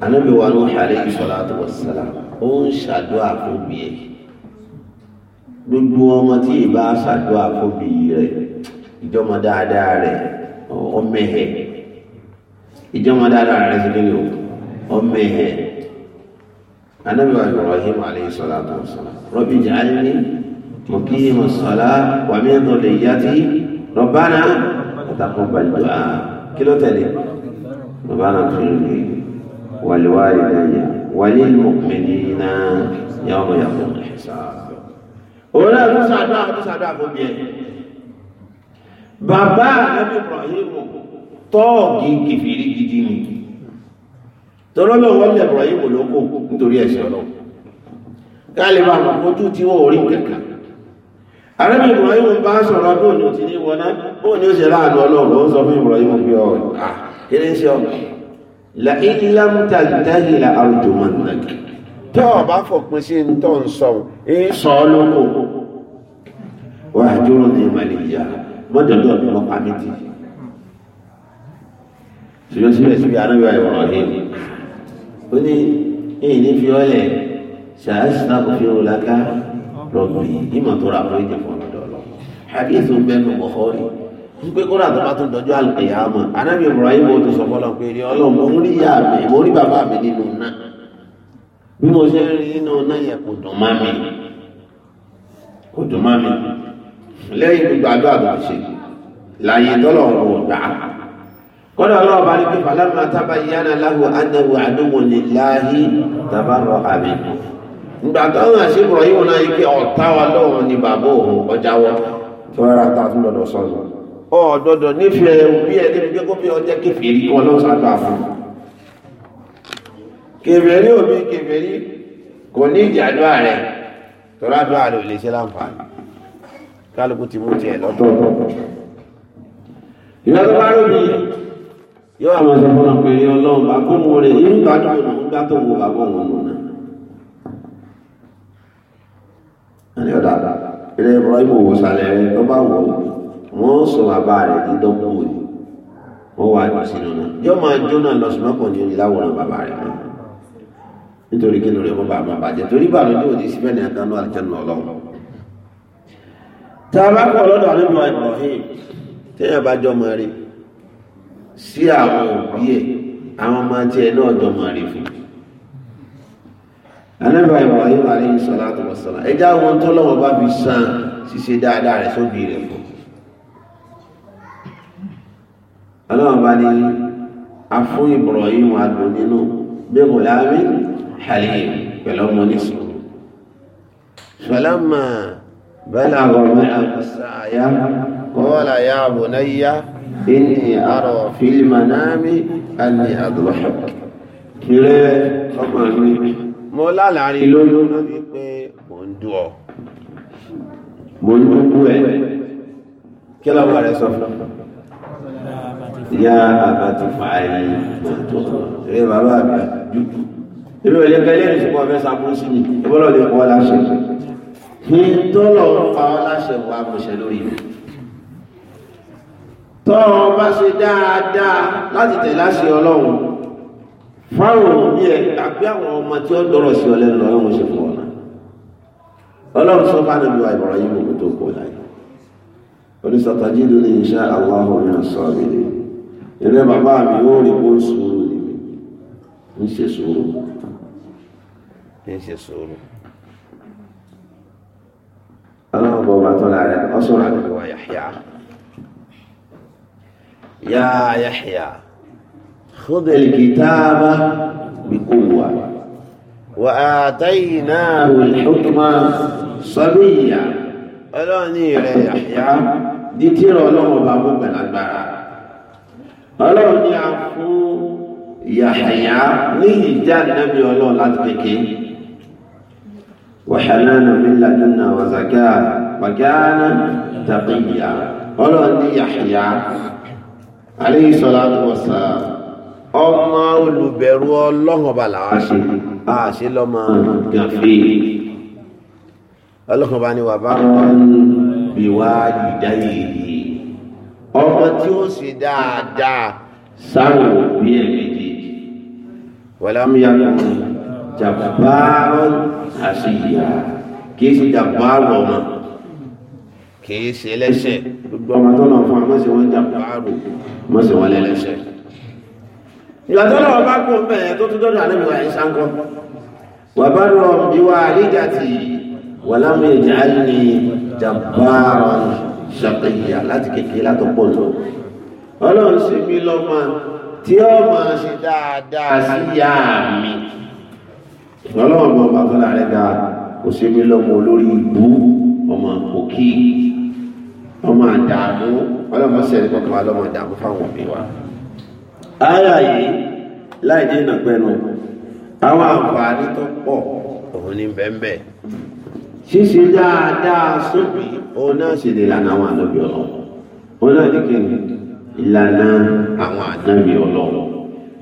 anabi wa nuhu alayhi salatu wa salam ó ń ṣàdúrà fóbi ẹ gbogbo ọmọ tí ìbá ṣàdúrà fóbi rẹ ìjọmọ dáadáa rẹ ọmẹhẹ ìjọmọ dáadáa rẹ ti ní o ọmẹhẹ anabi wa ibrahim alayhi salatu wa salam rabbi ja'alni muqima as-salah wa min dhurriyyati. ربنا وتقبل دعاء كيلو تاني ربنا اغفر لي ولوالدي وللمؤمنين يوم يقوم الحساب òwúrọ̀ ló ṣàdúrà ló ṣàdúrà fún bí ẹ bàbá àlẹ́bí Ibrahim tọ́ọ̀gì kìfìrí gidi ni tọ́lọ́lọ́wọ́ lẹ́bí Ibrahim ló kò nítorí ẹ̀ṣẹ̀ lọ káàlì bá fojú tí wọ́n orí kẹkàn àrẹ́bí Ibrahim bá sọ̀rọ̀ bí òní ti ní wọná bó ní ó ṣe láàánú ọlọ́run ó sọ fún Ibrahim pé oh, ah, ọ kéré ń ṣe ọ la ilam tàǹtàhì la arjuman nàkì tó ní màlìyà mọ́tòdó lọ́dún yìí ìmọ̀ tó ra fún ìjẹ̀fọ́ lọ́dọ̀ lọ. hadith ń bẹnu Bukhari wípé kó dàtọ́ bá tún dọjọ́ àlùkìyàmọ̀ anábì Ibrahim ó ti sọ fọ́lọ́ pé rí ọlọ́run mo ń rí ìyá mi mo rí bàbá mi nínú iná bí mo ṣe ń rí nínú iná yẹn kò dùn má mi kò dùn má mi lẹ́yìn gbogbo àdó àgbàṣe láàyè tọ́lọ̀ ọ̀rọ̀ gbà á kọ́dọ̀ ọlọ́wọ́ bá ní pé falamma tabayyana lahu annahu aduwwun lillahi tabarra'a minhu ìgbà táwọn àṣẹ Ibrahim náà ike ọ̀tá wa lọ́wọ́ ni bàbá òun ọjà wọ tó rárá ta tún lọ́dọ̀ sọ́nù ọ̀dọ̀dọ̀ nífẹ̀ẹ́ òbí ẹ̀ níbi pé kó bí ọjọ́ kẹfìrí kan lọ́wọ́ sábà fún kẹfìrí òbí kẹfìrí kò ní ìjà àdúrà rẹ̀ tó rádúrà rẹ̀ ò lè ṣe láǹfààní kálukú ti mú tiẹ̀ lọ́tọ̀ọ̀tọ̀ ìgbà tó bá rò bí yóò àwọn ọ̀sán fún ọkùnrin ọlọ́run bá kó mú rẹ̀ irú ìgbà tó ẹni ada. ilé ibrahim wò sálẹ̀ rẹ tó bá wọ̀ wọ́n sọ bàbá rẹ̀ ní dọ́kùn òní wọ́n wá jù sínú náà yóò máa jóná lọ sí mọ́kàn ní oníláwòrán bàbá rẹ̀ náà nítorí kí lóore kó bàbá bàjẹ́ torí bàbá ló ní síbẹ̀ ní àkànú àjẹnù ọlọ́run tá a bá kọ́ lọ́dọ̀ àlejò àìmọ̀hìn téèyàn bá jọmọ rí sí àwọn òbí ẹ̀ àwọn ọmọ tiẹ̀ náà jọmọ rí fún anábà ibrahim aleyhi salatu wa salam ẹjá wọn tó lọ́wọ́ bá fi san ṣíṣe dáadáa rẹ̀ sóbì rẹ̀ fún ọlọ́wọ́ bá ní afún ibrahim adùn nínú bí kò láàmì halim pẹ̀lú ọmọ nísìnyí فلما بلغ معه السعي قال يا بني إني أرى في المنام أني أذبحك كلا فقال mo lálàárín lórí ọ̀nà wípé mò ń dú ọ mo ń dúkú ẹ kí lọ́wọ́ rẹ sọ fún ìyá bàbá ti fà á yìí ẹ bàbá mi dúkú ebi wọlé kẹlẹ ní sùpọ̀ fẹ́ sàbúrú sí mi ìbọ́lọ̀ lè pọ̀ láṣẹ kí tọ́lọ̀ ń pa láṣẹ wà mọ̀ṣẹ́ lórí mi tọ́ ọ bá ṣe dáadáa láti tẹ̀ láṣẹ ọlọ́run fáwọn òbí ẹ tàbí àwọn ọmọ tí ó dọ̀rọ̀ sí ọlẹ́nu lọ́wọ́ wọn ṣe fún ọ̀nà ọlọ́run sọ bá níbi wa ìbọ̀rọ̀ yìí mọ̀ tó kó láyé oníṣàtà jíde ní iṣẹ́ aláhùn ní ọ̀sán mi ni ilé bàbá mi ó rí bó ń sùúrù ni mi ń ṣe sùúrù ń ṣe sùúrù ọlọ́run bọ̀ bàtọ́ láàrin ọ̀sán àgbẹ̀wà yàhíà yàhíà. خذ الكتاب بقوة وآتيناه الحكم صبيا ألاني يحيى دي تيرو لهم بابو بن البراء ألاني عفو يحيى نيجي جان نبي الله لا تبكي وحنانا من لدنا وزكاة وكان تقيا ألاني يحيى عليه الصلاة والسلام ọmọ olùbẹ̀rù ọlọ́run ọba làwa ṣe a ṣe lọ́mọ gàfé ọlọ́run ọba ni wàbá bí wá ìdáyé yìí ọmọ tí ó ṣe dáadáa sáwọn òbí ẹ̀ méjèèjì wàlámúyàmú jàbáàrọ̀ àṣìyà kìí ṣe jàbáàrọ̀ ọmọ kìí ṣe lẹ́ṣẹ̀ gbogbo ọmọ tó náà fún wa mọ̀ sí wọn jàbáàrọ̀ mọ̀ sí wọn lẹ́lẹ́ṣẹ̀ ìgbàtọ́lọ̀ ọba kò mẹ́ tó tún dọ́dọ̀ àlẹ́bìwà ìṣàǹkọ́ wà bá rọ ìwà àríjàtì wà lámù ìjà ní jàbára ṣàkìyà láti kékeré látọ̀pọ̀ lọ ọlọ́run sí mi lọ́mọ tí ó máa ṣe dáadáa sí ìyá mi ọlọ́run mọ bá fọ́lá rẹ̀ ga kò sí mi lọ́mọ olórí ìbú ọmọ òkì ọmọ àdààmú ọlọ́run sẹ́ni kọ̀ọ̀kan wa lọ́mọ àdààmú fáwọn òbí wa àyà yìí láì dé ìnàpẹnu àwọn àǹfààní tó pọ̀ òun ní bẹ́ẹ̀ ṣíṣe dáadáa sóbì òun náà sì lè lànà àwọn ànábì ọlọ́run òun náà ní kíni ìlànà àwọn ànábì ọlọ́run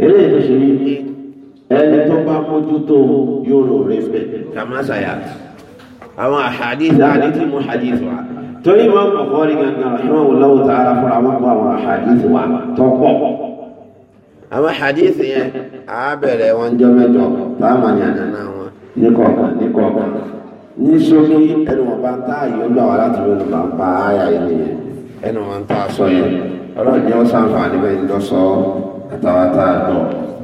eré ètò ṣe ní ní ẹni tó bá mójútó yóò rò rẹ bẹ kàmásàyà àwọn àhàdíìsì àdìsí mú àdìsí wa torí wọn kọkọ rí gangan ìwọn wò lọ́wọ́ tààrà fún àwọn àwọn àhàdíìsì wa tó pọ̀ àwọn hadith yẹn a bẹ̀rẹ̀ wọn jọ mẹ́jọ táàmà ní àdáná wọn ní kọ̀ọ̀kan ní kọ̀ọ̀kan ní sókè ẹnu wọn bá ń tá àyè ó gbà wá láti lónìí bá ń pa àyà yìí yẹn ẹnu wọn tá a sọ yẹn ọlọ́run ní ọ̀sán àǹfààní bẹ́ẹ̀ ń lọ sọ àtàwọn tá a dọ̀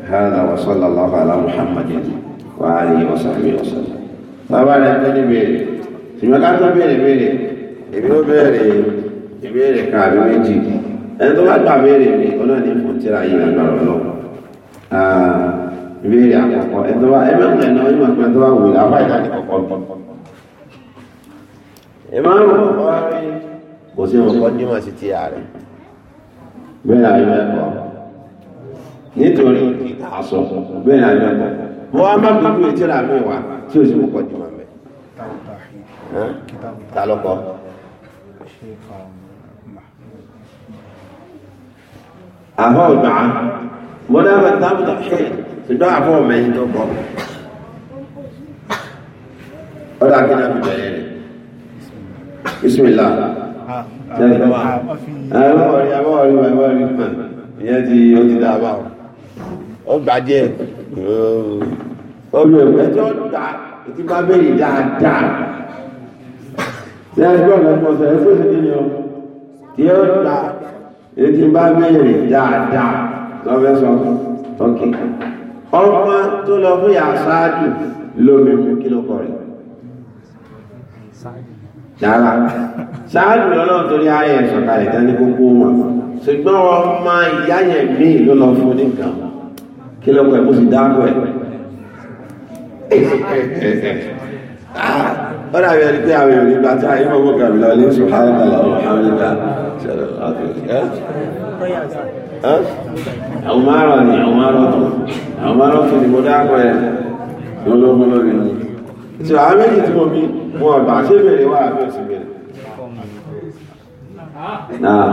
hàdà wa sallallahu ala muhammadin wa alihi wa sahbihi sábà rẹ̀ ń tẹ́ béèrè ṣùgbọ́n ẹni tó bá gbà béèrè mi ọlọ́run ní fún tíra yìí lágbára ọlọ́run ìbéèrè àkọ́kọ́ ẹni tó bá ẹgbẹ́ ń lẹ́nu ẹni màgbẹ́ tó bá wù ní apá ìdájọ́ kọ̀ọ̀kan. ìmáàmù kọ̀ọ̀kan kò sí ọkọ̀ dímọ̀ sí ti ààrẹ bẹ́ẹ̀ àyè mẹ́kọ̀ọ́ nítorí àṣọ bẹ́ẹ̀ àyè mẹ́kọ̀ọ́ wọ́n á má gbogbo ìtura mi wá tí o sì mú kọ́ dímọ̀ mẹ́. ta ló kọ́. àfọ ọgbà wọn náà bẹ tá àbùtà ṣe ṣùgbọ́n àfọ ọmọẹyìn tó kọ ọdọ akínà mi bẹ̀rẹ̀ rẹ bisimilá jẹjẹrẹ àwọn ah, ah, ah, ọrí àwọn ọrí àwọn ọrí mà ìyẹn ti ó ti dá a bá wọn. ó gbàjẹ ọmọ ẹjọ dá ètí bá bẹ̀rẹ̀ dáadáa ṣé ẹgbẹ́ ọ̀gá ẹ̀fọ́ sọ ẹ̀fọ́ sì kí ni ọ tí ó dá ètí bá béèrè dáadáa lọ́fẹ́ sọ ọkì ọmọ tó lọ fún yà sáájú lómi mú kí ló kọ̀ rẹ̀ sára sáájú lọ́lọ́run torí ayé ẹ̀sọ̀ kalẹ̀ tán ní gbogbo wọn ṣùgbọ́n ọmọ ìyá yẹn míì ló lọ fún nìkan kí ló kọ̀ ẹ̀ mo sì dáàbò ẹ̀ ó dàbí ẹni pé àwọn èèyàn nígbà tí ayé mọ̀gbọ́n kàbí lọ ní ṣùgbọ́n àwọn amẹ́ríkà ṣẹlẹ̀ láti ẹ́ àwọn márùn ni àwọn márùn tó àwọn márùn tó ni mo dákọ̀ ẹ̀ wọn ló mú lórí ni tí àwọn méjì tí mo bí wọn ọ̀gbà ṣé bèrè wà àbí òsì bèrè náà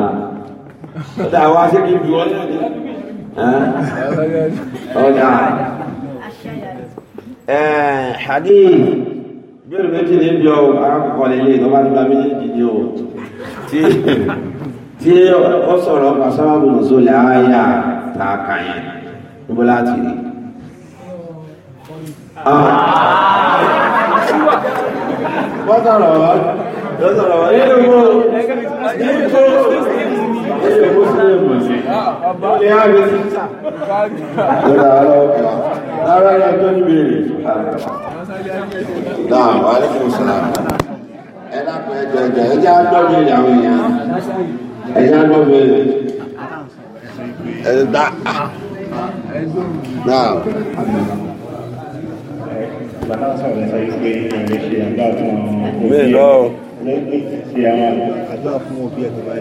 ó dà wá sí kí n bí wọn lóde ọ̀dà ẹ̀ hadith ìbéèrè méjì ní bí ọ arákùnkọ lè lè ìdọ́bá nígbà méjì ní o tí ó sọ̀rọ̀ pàṣẹ́wàbù nìsólè àáyà tààkà yẹn níbo láti rí wọ́n sọ̀rọ̀ wọ́n sọ̀rọ̀ wọ́n nínú mú nínú tó nínú mú sí èmù sí ní àgbẹ̀ sí. lọ́dà ọlọ́ọ̀kà lára ẹ̀rọ tó ń béèrè náà wà ní fún sàrà ẹ dákun ẹjọ ẹjọ ẹjẹ agbọ́dọ̀ ìyá àwọn èèyàn ẹjẹ agbọ́dọ̀ ẹjẹ dá náà. Bàbá sọ̀rọ̀ sọ pé ìrìn ṣe àgbà